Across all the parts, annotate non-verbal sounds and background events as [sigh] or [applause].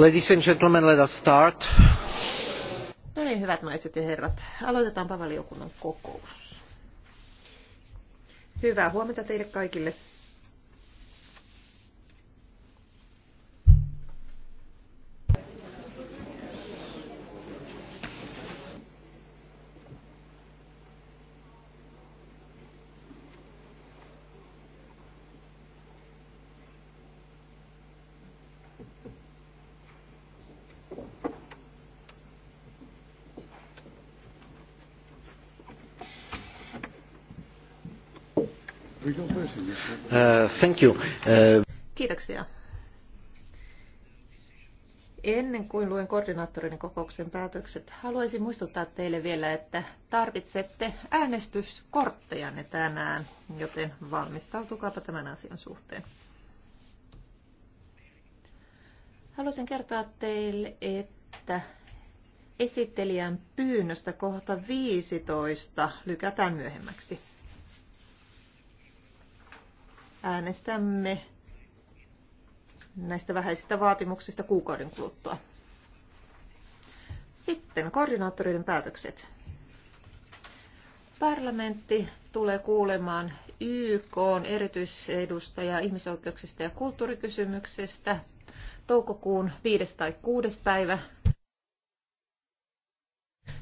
Ladies and let us start. No niin, hyvät naiset ja herrat, aloitetaanpa valiokunnan kokous. Hyvää huomenta teille kaikille. Uh, thank you. Uh, Kiitoksia. Ennen kuin luen koordinaattorin kokouksen päätökset, haluaisin muistuttaa teille vielä, että tarvitsette äänestyskorttejanne tänään, joten valmistautukaapa tämän asian suhteen. Haluaisin kertoa teille, että esittelijän pyynnöstä kohta 15 lykätään myöhemmäksi äänestämme näistä vähäisistä vaatimuksista kuukauden kuluttua. Sitten koordinaattoreiden päätökset. Parlamentti tulee kuulemaan YK on erityisedustaja ihmisoikeuksista ja kulttuurikysymyksestä toukokuun 5. tai 6. päivä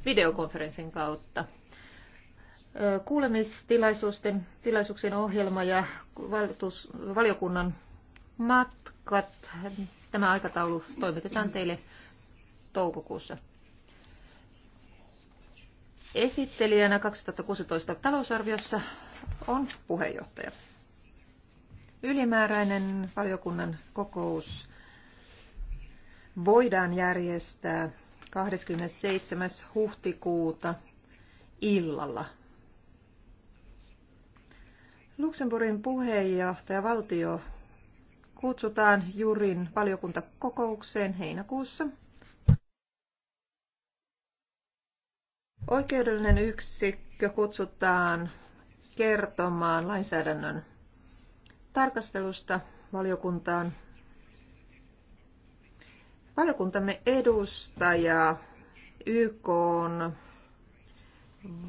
videokonferenssin kautta kuulemistilaisuusten tilaisuuksien ohjelma ja valitus, valiokunnan matkat. Tämä aikataulu toimitetaan teille toukokuussa. Esittelijänä 2016 talousarviossa on puheenjohtaja. Ylimääräinen valiokunnan kokous voidaan järjestää 27. huhtikuuta illalla Luxemburgin puheenjohtaja valtio kutsutaan Jurin valiokuntakokoukseen heinäkuussa. Oikeudellinen yksikkö kutsutaan kertomaan lainsäädännön tarkastelusta valiokuntaan. Valiokuntamme edustaja YK on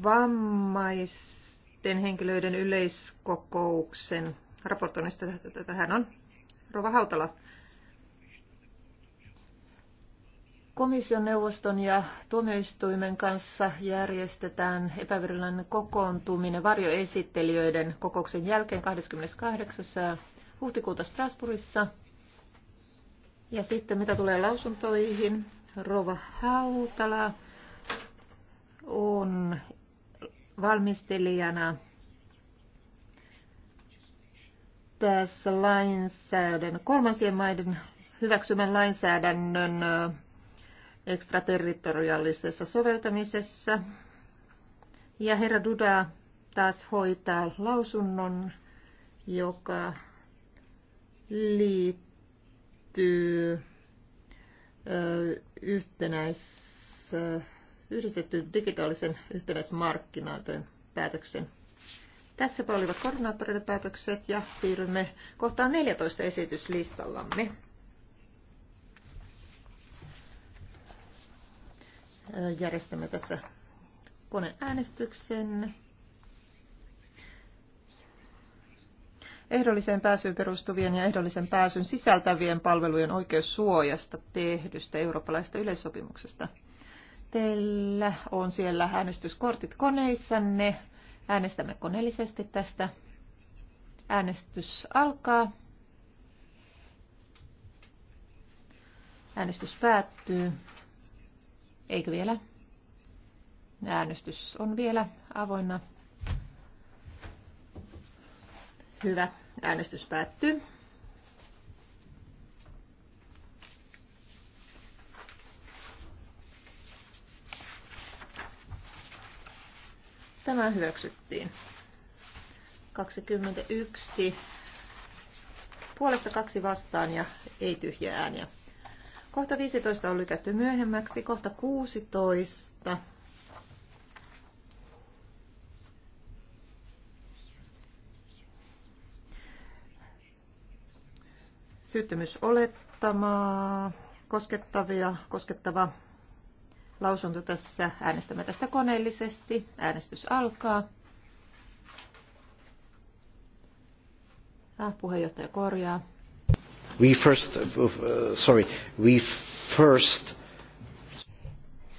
vammais sitten henkilöiden yleiskokouksen raportoinnista. Tähän on Rova Hautala. Komission neuvoston ja tuomioistuimen kanssa järjestetään epävirallinen kokoontuminen varjoesittelijöiden kokouksen jälkeen 28. huhtikuuta Strasbourgissa. Ja sitten mitä tulee lausuntoihin, Rova Hautala on valmistelijana tässä lainsäädännön, kolmansien maiden hyväksymän lainsäädännön ekstraterritoriaalisessa soveltamisessa. Ja herra Duda taas hoitaa lausunnon, joka liittyy yhtenäis yhdistetty digitaalisen yhtenäismarkkinoiden päätöksen. Tässäpä olivat koordinaattoreiden päätökset ja siirrymme kohtaan 14 esityslistallamme. Järjestämme tässä koneäänestyksen. ehdolliseen pääsyyn perustuvien ja ehdollisen pääsyn sisältävien palvelujen oikeussuojasta tehdystä eurooppalaisesta yleissopimuksesta teillä on siellä äänestyskortit koneissanne. Äänestämme koneellisesti tästä. Äänestys alkaa. Äänestys päättyy. Eikö vielä? Äänestys on vielä avoinna. Hyvä. Äänestys päättyy. Tämä hyväksyttiin. 21. Puolesta kaksi vastaan ja ei tyhjää ääniä. Kohta 15 on lykätty myöhemmäksi. Kohta 16. Syyttömyysolettamaa koskettavia, koskettava lausunto tässä. Äänestämme tästä koneellisesti. Äänestys alkaa. Ah, puheenjohtaja korjaa. We first, uh, uh sorry, we first.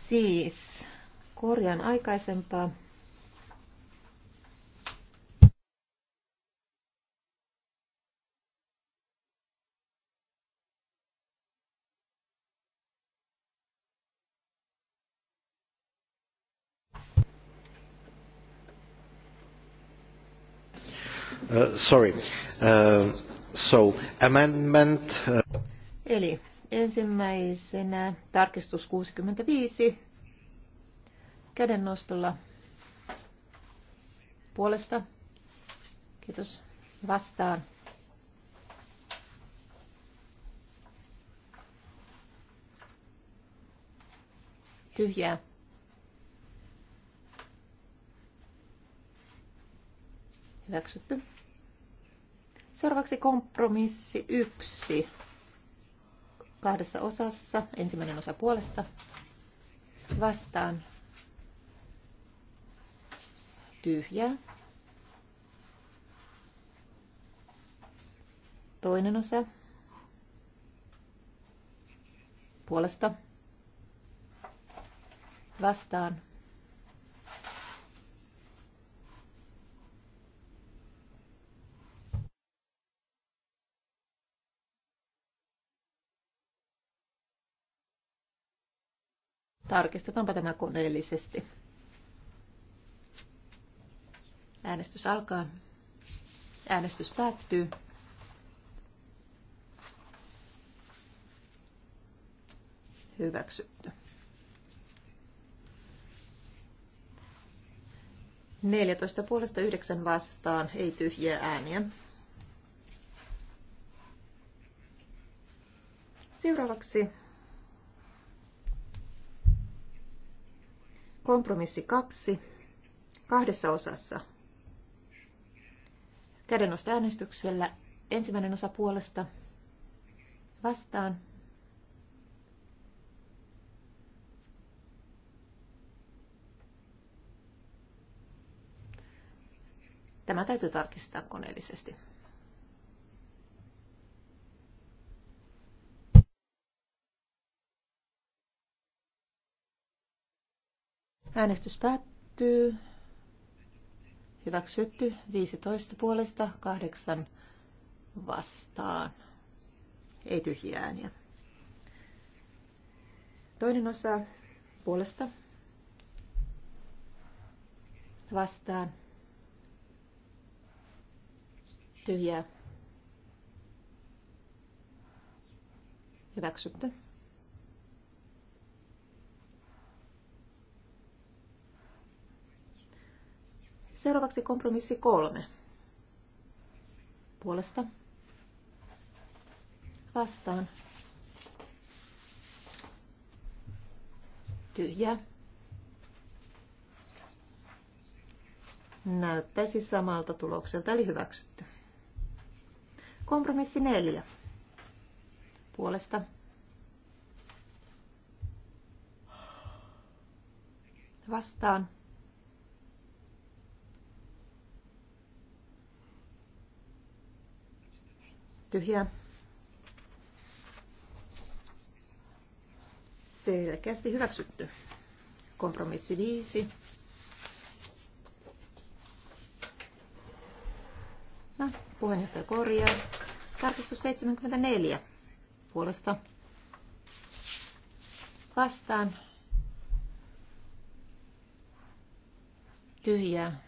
Siis, korjaan aikaisempaa. Uh, sorry. Uh, so, amendment... Uh, Eli ensimmäisenä tarkistus 65 kädennostolla puolesta. Kiitos. Vastaan. Tyhjää. Hyväksytty. Seuraavaksi kompromissi yksi kahdessa osassa. Ensimmäinen osa puolesta vastaan tyhjää. Toinen osa puolesta vastaan Tarkistetaanpa tämä koneellisesti. Äänestys alkaa. Äänestys päättyy. Hyväksytty. 14 puolesta 9 vastaan, ei tyhjiä ääniä. Seuraavaksi Kompromissi kaksi kahdessa osassa. Kädennosta äänestyksellä ensimmäinen osa puolesta vastaan. Tämä täytyy tarkistaa koneellisesti. Äänestys päättyy. Hyväksytty 15 puolesta 8 vastaan. Ei tyhjiä ääniä. Toinen osa puolesta vastaan. Tyhjää. Hyväksytty. Seuraavaksi kompromissi kolme. Puolesta. Vastaan. Tyhjä. Näyttäisi samalta tulokselta, eli hyväksytty. Kompromissi neljä. Puolesta. Vastaan. tyhjää. Selkeästi hyväksytty. Kompromissi 5. No, puheenjohtaja korjaa. Tarkistus 74 puolesta vastaan. Tyhjää.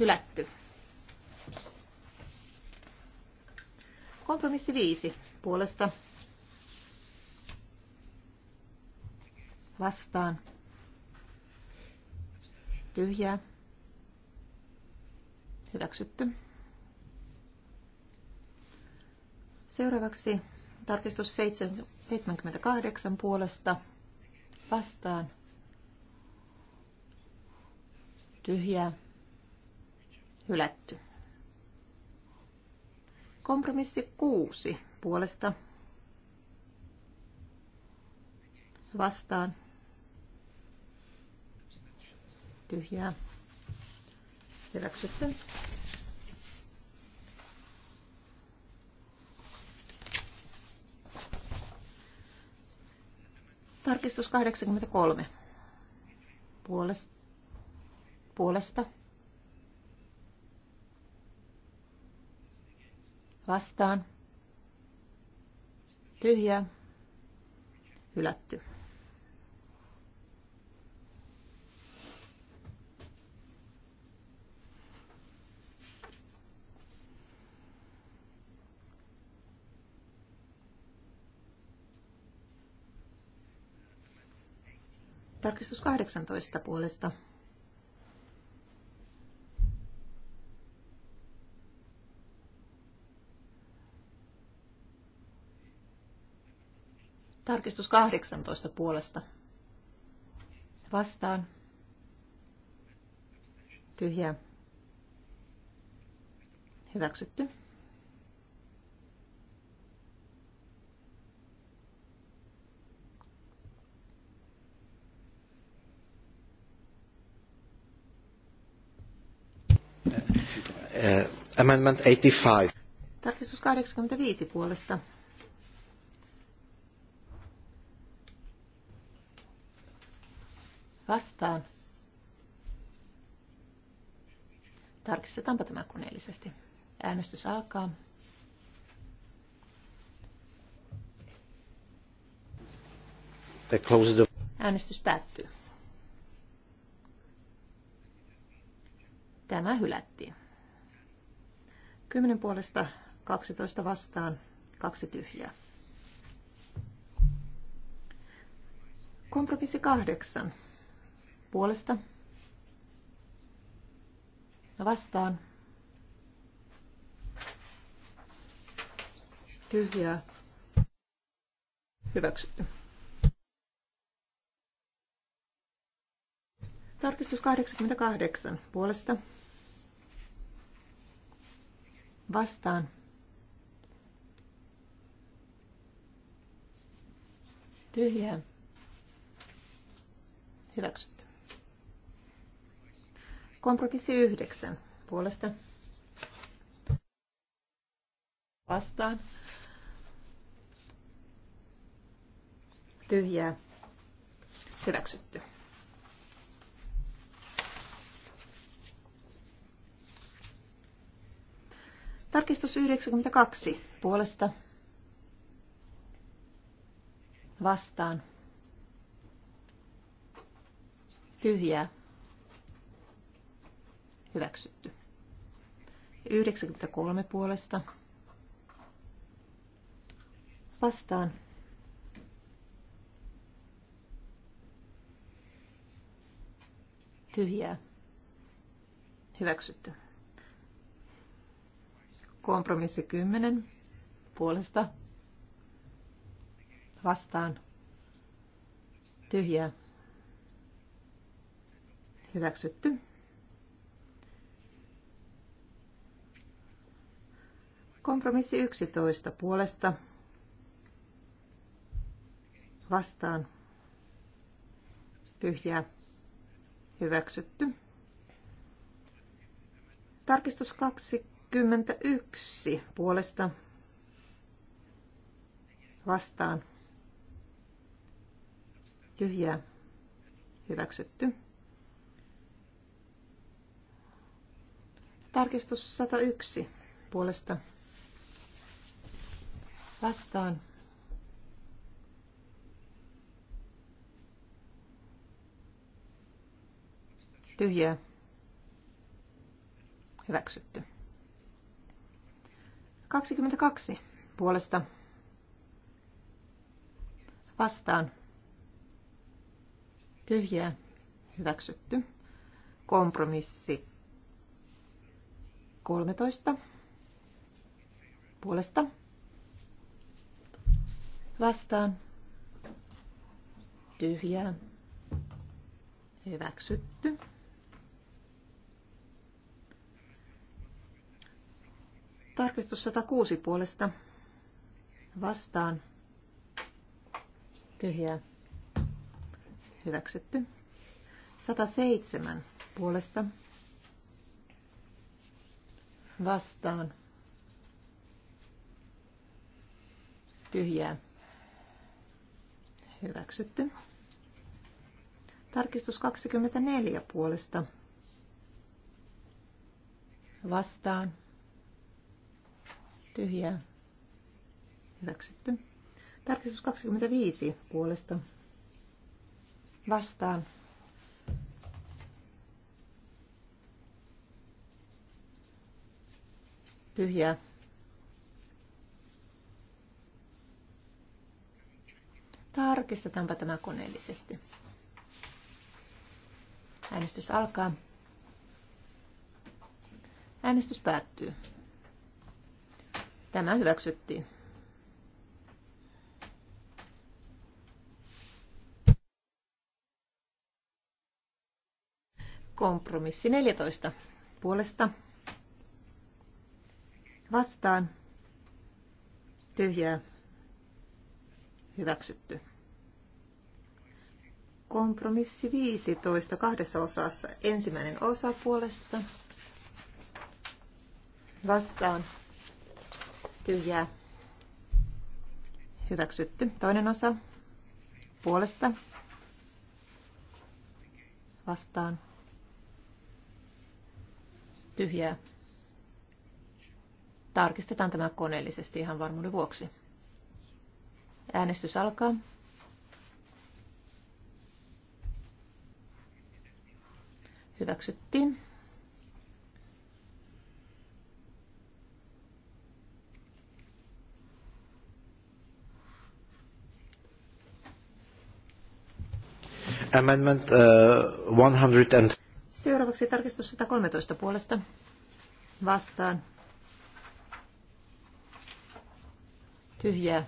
Hylätty. Kompromissi viisi puolesta vastaan. Tyhjää. Hyväksytty. Seuraavaksi tarkistus 78 puolesta vastaan. Tyhjää. Hylätty. Kompromissi kuusi puolesta vastaan. Tyhjää. Hyväksytty. Tarkistus 83. Puolesta. Puolesta vastaan, Tyhjä. hylätty. Tarkistus 18 puolesta Tarkistus 18 puolesta. Vastaan. Tyhjä. Hyväksytty. amendment 85. Tarkistus 85 puolesta Vastaan. Tarkistetaanpa tämä koneellisesti. Äänestys alkaa. Äänestys päättyy. Tämä hylättiin. 10 puolesta 12 vastaan, kaksi tyhjää. Kompromissi kahdeksan puolesta. Vastaan. Tyhjää. Hyväksytty. Tarkistus 88 puolesta. Vastaan. Tyhjää. Hyväksytty. Kompromissi yhdeksän puolesta. Vastaan. Tyhjää. Hyväksytty. Tarkistus 92 puolesta vastaan tyhjää Hyväksytty. 93 puolesta. Vastaan. Tyhjää. Hyväksytty. Kompromissi 10 puolesta. Vastaan. Tyhjää. Hyväksytty. Kompromissi 11 puolesta vastaan tyhjää hyväksytty. Tarkistus 21 puolesta vastaan tyhjää hyväksytty. Tarkistus 101 puolesta vastaan. Tyhjää. Hyväksytty. 22 puolesta vastaan. Tyhjää. Hyväksytty. Kompromissi 13 puolesta Vastaan. Tyhjää. Hyväksytty. Tarkistus 106 puolesta. Vastaan. Tyhjää. Hyväksytty. 107 puolesta. Vastaan. Tyhjää. Hyväksytty. Tarkistus 24 puolesta. Vastaan. Tyhjää. Hyväksytty. Tarkistus 25 puolesta. Vastaan. Tyhjää. Tarkistetaanpa tämä koneellisesti. Äänestys alkaa. Äänestys päättyy. Tämä hyväksyttiin. Kompromissi 14. Puolesta. Vastaan. Tyhjää. Hyväksytty. Kompromissi 15 kahdessa osassa. Ensimmäinen osa puolesta. Vastaan. Tyhjää. Hyväksytty. Toinen osa. Puolesta. Vastaan. Tyhjää. Tarkistetaan tämä koneellisesti ihan varmuuden vuoksi. Äänestys alkaa. hyväksyttiin. Amendment uh, 100 and... Seuraavaksi tarkistus 113 puolesta vastaan. Tyhjää.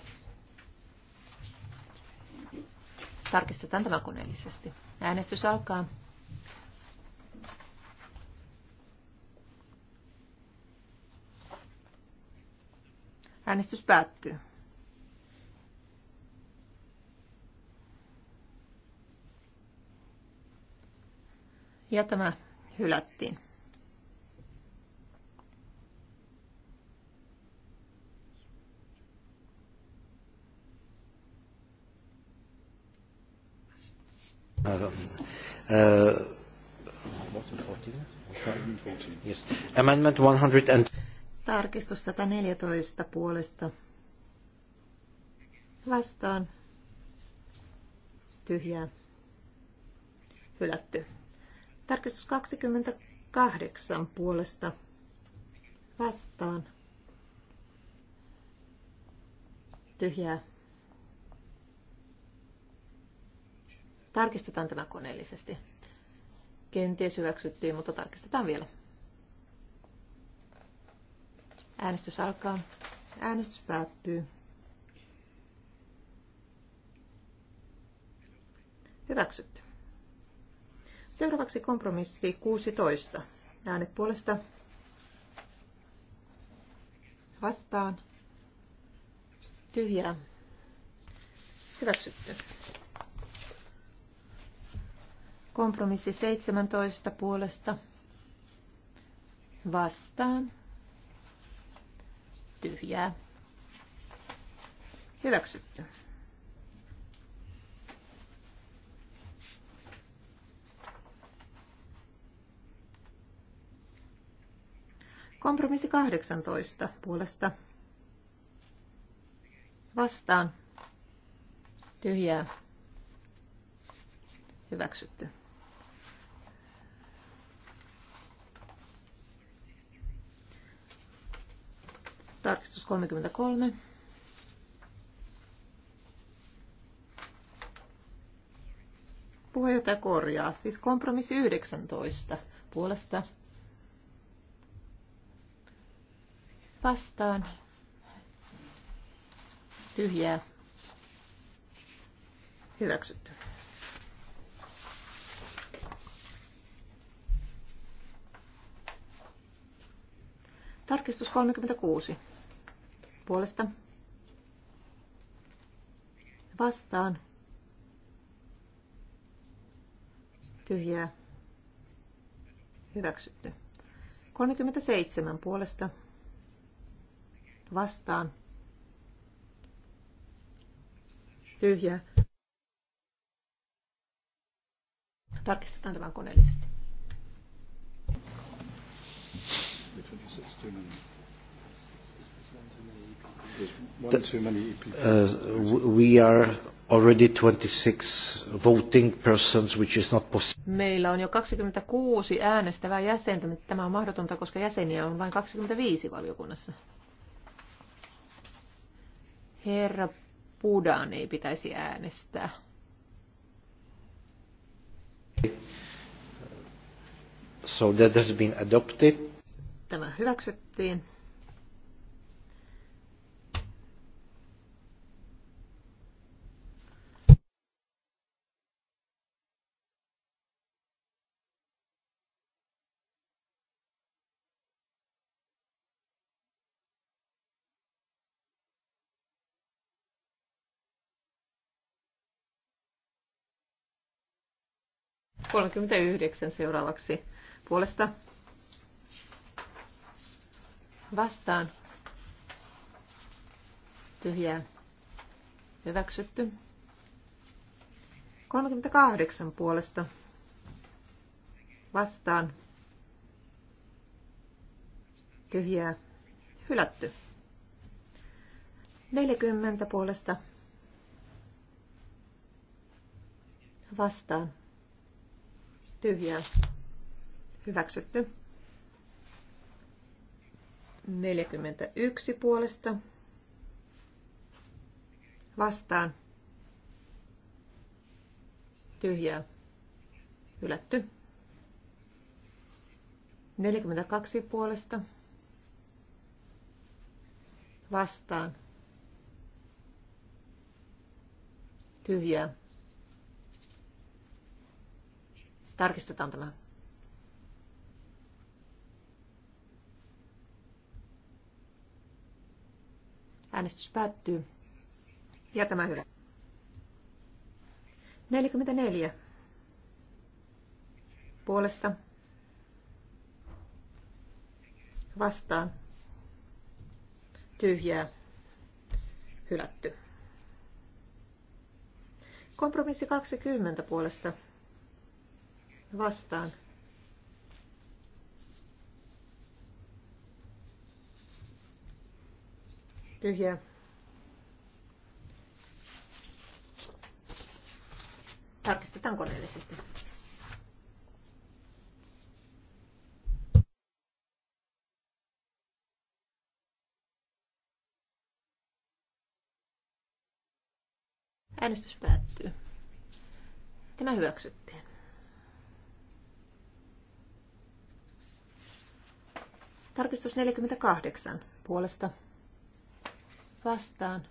Tarkistetaan tämä koneellisesti. Äänestys alkaa. Äänestys päättyy. Ja tämä hylättiin. Uh, uh, Amendment 100 and Tarkistus 114 puolesta. Vastaan. Tyhjää. Hylätty. Tarkistus 28 puolesta. Vastaan. Tyhjää. Tarkistetaan tämä koneellisesti. Kenties hyväksyttiin, mutta tarkistetaan vielä. Äänestys alkaa. Äänestys päättyy. Hyväksytty. Seuraavaksi kompromissi 16. Äänet puolesta. Vastaan. Tyhjää. Hyväksytty. Kompromissi 17 puolesta. Vastaan tyhjää. Hyväksytty. Kompromissi 18 puolesta. Vastaan. Tyhjää. Hyväksytty. Tarkistus 33. Puheenjohtaja korjaa, siis kompromissi 19 puolesta. Vastaan. Tyhjää. Hyväksytty. Tarkistus 36 puolesta vastaan tyhjää hyväksytty. 37 puolesta vastaan tyhjää. Tarkistetaan tämän koneellisesti. 26, Meillä on jo 26 äänestävää jäsentä, mutta tämä on mahdotonta, koska jäseniä on vain 25 valiokunnassa. Herra Pudan ei pitäisi äänestää. So that has been adopted. Tämä hyväksyttiin. 39 seuraavaksi puolesta vastaan. Tyhjää. Hyväksytty. 38 puolesta vastaan. Tyhjää. Hylätty. 40 puolesta vastaan tyhjää hyväksytty. 41 puolesta vastaan tyhjää hylätty. 42 puolesta vastaan tyhjää Tarkistetaan tämä. Äänestys päättyy. Ja tämä hyvä. 44. Puolesta. Vastaan. Tyhjää. Hylätty. Kompromissi 20 puolesta vastaan. Tyhjä. Tarkistetaan koneellisesti. Äänestys päättyy. Tämä hyväksyttiin. Tarkistus 48 puolesta vastaan.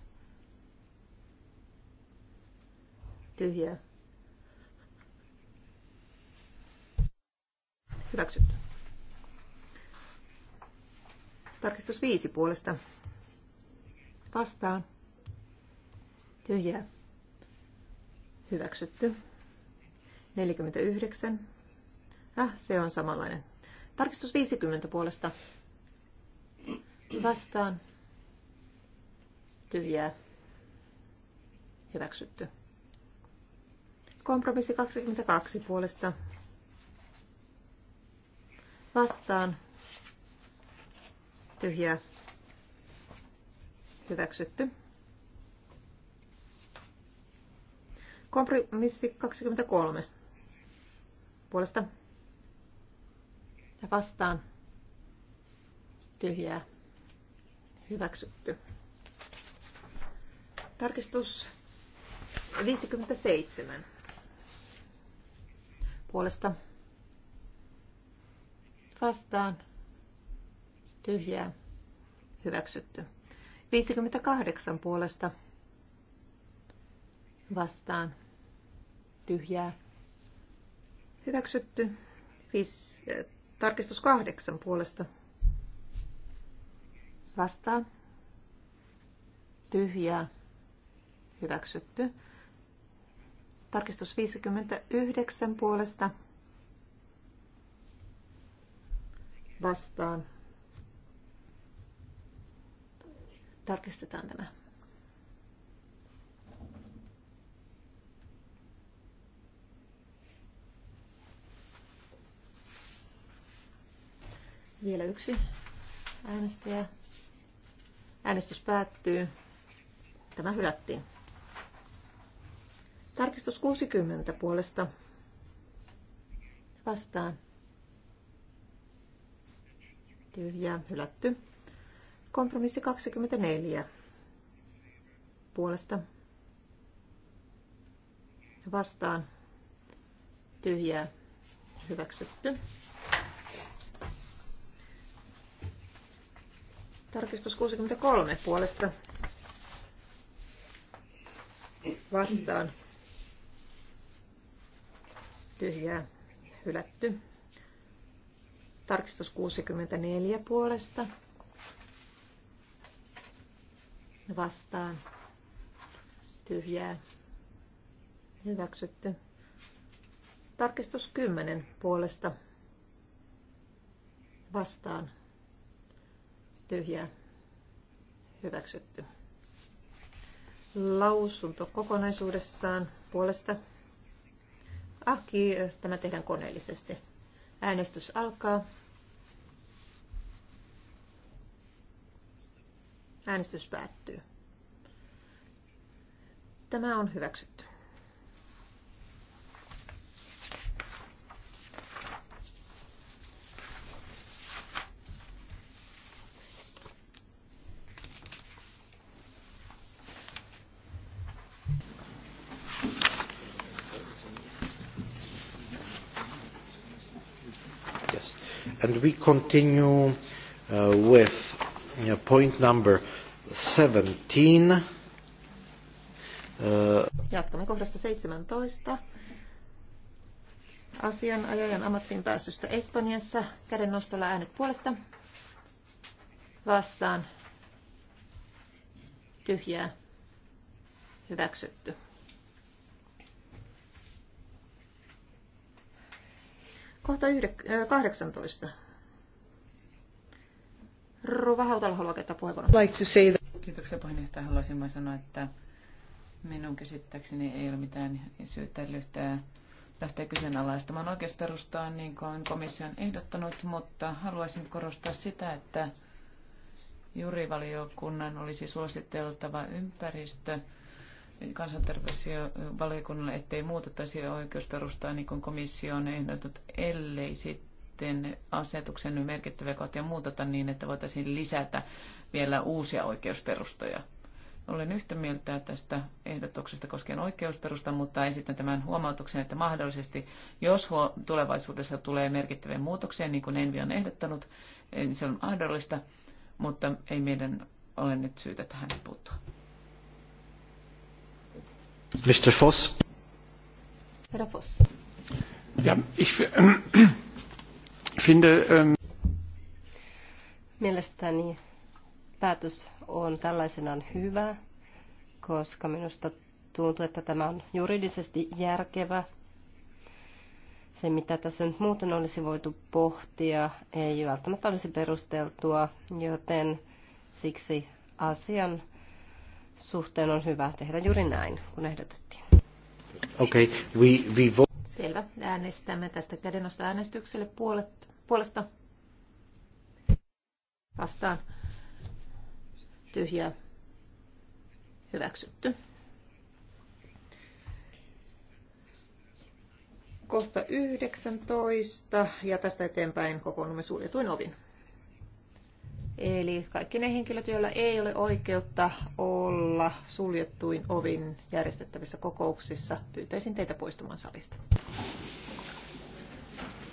Tyhjää. Hyväksytty. Tarkistus 5 puolesta vastaan. Tyhjää. Hyväksytty. 49. Ah, se on samanlainen. Tarkistus 50 puolesta. Vastaan. Tyhjää. Hyväksytty. Kompromissi 22 puolesta. Vastaan. Tyhjää. Hyväksytty. Kompromissi 23 puolesta ja vastaan tyhjää hyväksytty. Tarkistus 57 puolesta vastaan tyhjää hyväksytty. 58 puolesta vastaan tyhjää hyväksytty. 5, Tarkistus kahdeksan puolesta. Vastaan. Tyhjää. Hyväksytty. Tarkistus 59 puolesta. Vastaan. Tarkistetaan tämä. Vielä yksi äänestäjä. Äänestys päättyy. Tämä hylättiin. Tarkistus 60 puolesta. Vastaan. tyhjä hylätty. Kompromissi 24 puolesta. Vastaan. Tyhjää, hyväksytty. Tarkistus 63 puolesta vastaan. Tyhjää hylätty. Tarkistus 64 puolesta vastaan. Tyhjää hyväksytty. Tarkistus 10 puolesta vastaan tyhjää hyväksytty. Lausunto kokonaisuudessaan puolesta. Ah, tämä tehdään koneellisesti. Äänestys alkaa. Äänestys päättyy. Tämä on hyväksytty. And we continue uh, with you uh, know, point number 17. Uh, Jatkamme kohdasta 17. Asianajajan ammattiin pääsystä Espanjassa. Käden nostolla äänet puolesta. Vastaan. Tyhjää. Hyväksytty. Kohta 18. Äh, Rova Hautala haluaa käyttää puheenvuoron. Like to say that. Kiitoksia puheenjohtaja. Haluaisin vain sanoa, että minun käsittääkseni ei ole mitään syytä lyhtää lähteä kyseenalaistamaan oikeusperustaan, niin kuin komissio on ehdottanut, mutta haluaisin korostaa sitä, että jurivaliokunnan olisi suositeltava ympäristö kansanterveys- valiokunnalle, ettei muutettaisi oikeusperustaa niin kuin komissio on ehdotettu, ellei sitten asetuksen merkittäviä kohtia muuteta niin, että voitaisiin lisätä vielä uusia oikeusperustoja. Olen yhtä mieltä tästä ehdotuksesta koskien oikeusperusta, mutta esitän tämän huomautuksen, että mahdollisesti, jos tulevaisuudessa tulee merkittäviä muutoksia, niin kuin Envi on ehdottanut, niin se on mahdollista, mutta ei meidän ole nyt syytä tähän puuttua. Mr. Voss. [clears throat] Ähm, Mielestäni päätös on tällaisenaan hyvä, koska minusta tuntuu, että tämä on juridisesti järkevä. Se, mitä tässä nyt muuten olisi voitu pohtia, ei välttämättä olisi perusteltua, joten siksi asian suhteen on hyvä tehdä juuri näin, kun ehdotettiin. Okay, we, we vote. Selvä. Äänestämme tästä kädenosta äänestykselle puolet, puolesta. Vastaan. Tyhjää. Hyväksytty. kohta 19 ja tästä eteenpäin kokoonnumme suljetuin ovin. Eli kaikki ne henkilöt, joilla ei ole oikeutta olla suljettuin ovin järjestettävissä kokouksissa, pyytäisin teitä poistumaan salista.